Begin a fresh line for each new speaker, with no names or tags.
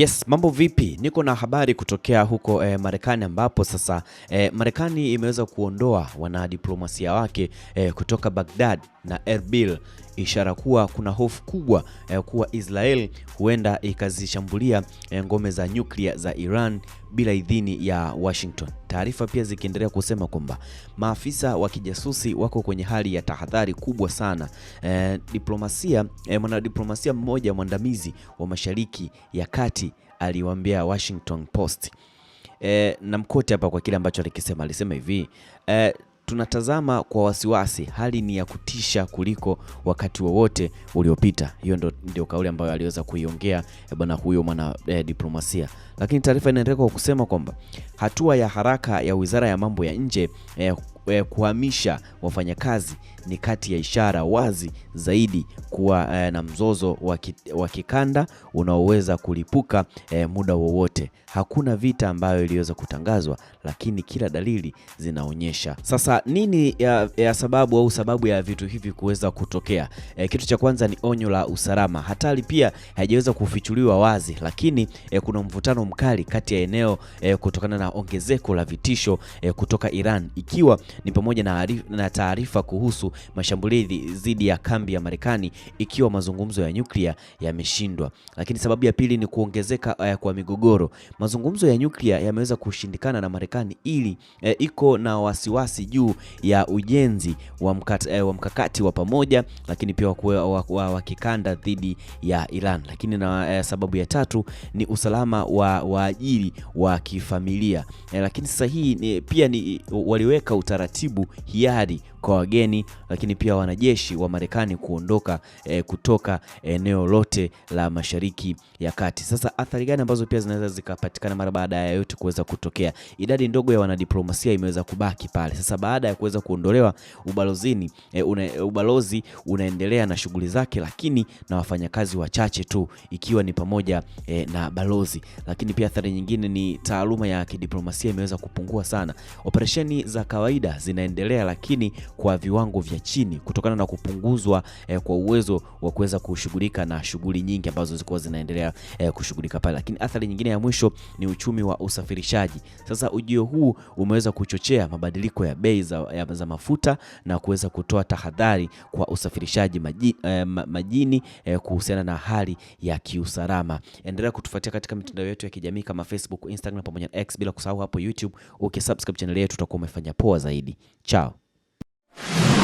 Yes, mambo vipi? Niko na habari kutokea huko eh, Marekani ambapo sasa eh, Marekani imeweza kuondoa wanadiplomasia wake eh, kutoka Baghdad na Erbil, ishara kuwa kuna hofu kubwa eh, kuwa Israel huenda ikazishambulia eh, ngome za nyuklia za Iran bila idhini ya Washington. Taarifa pia zikiendelea kusema kwamba maafisa wa kijasusi wako kwenye hali ya tahadhari kubwa sana. Eh, diplomasia e, mwanadiplomasia mmoja mwandamizi wa Mashariki ya Kati aliwaambia Washington Post. Eh, na mkote hapa kwa kile ambacho alikisema, alisema hivi eh, tunatazama kwa wasiwasi, hali ni ya kutisha kuliko wakati wowote uliopita. Hiyo ndio kauli ambayo aliweza kuiongea eh, bwana huyo mwana eh, diplomasia. Lakini taarifa inaendelea kwa kusema kwamba hatua ya haraka ya Wizara ya Mambo ya Nje eh, kuhamisha wafanyakazi ni kati ya ishara wazi zaidi kuwa eh, na mzozo wa kikanda unaoweza kulipuka eh, muda wowote. Hakuna vita ambayo iliweza kutangazwa, lakini kila dalili zinaonyesha. Sasa nini ya, ya sababu au sababu ya vitu hivi kuweza kutokea? Eh, kitu cha kwanza ni onyo la usalama. Hatari pia haijaweza kufichuliwa wazi, lakini eh, kuna mvutano mkali kati ya eneo eh, kutokana na ongezeko la vitisho eh, kutoka Iran ikiwa ni pamoja na taarifa kuhusu mashambulizi dhidi ya kambi ya Marekani ikiwa mazungumzo ya nyuklia yameshindwa. Lakini sababu ya pili ni kuongezeka eh, kwa migogoro. Mazungumzo ya nyuklia yameweza kushindikana na Marekani ili e, iko na wasiwasi juu ya ujenzi wa, mkat, e, wa mkakati wa pamoja lakini pia wa kikanda dhidi ya Iran. Lakini na e, sababu ya tatu ni usalama wa waajiri wa kifamilia e, lakini sasa hii pia ni waliweka utara taratibu hiari kwa wageni, lakini pia wanajeshi wa Marekani kuondoka e, kutoka eneo lote la Mashariki ya Kati. Sasa athari gani ambazo pia zinaweza zikapatikana mara baada ya yote kuweza kutokea? Idadi ndogo ya wanadiplomasia imeweza kubaki pale. Sasa baada ya kuweza kuondolewa ubalozini, e, eh, una, ubalozi unaendelea na shughuli zake, lakini na wafanyakazi wachache tu, ikiwa ni pamoja e, na balozi. Lakini pia athari nyingine ni taaluma ya kidiplomasia imeweza kupungua sana. Operesheni za kawaida zinaendelea, lakini kwa viwango vya chini kutokana na kupunguzwa eh, kwa uwezo wa kuweza kushughulika na shughuli nyingi ambazo zilikuwa zinaendelea eh, kushughulika pale. Lakini athari nyingine ya mwisho ni uchumi wa usafirishaji. Sasa ujio huu umeweza kuchochea mabadiliko ya bei za, za mafuta na kuweza kutoa tahadhari kwa usafirishaji maji, eh, majini eh, kuhusiana na hali ya kiusalama. Endelea kutufuatia katika mitandao yetu ya kijamii kama Facebook, Instagram pamoja na X bila kusahau hapo YouTube. Ukisubscribe channel yetu utakuwa umefanya poa zaidi. Chao. you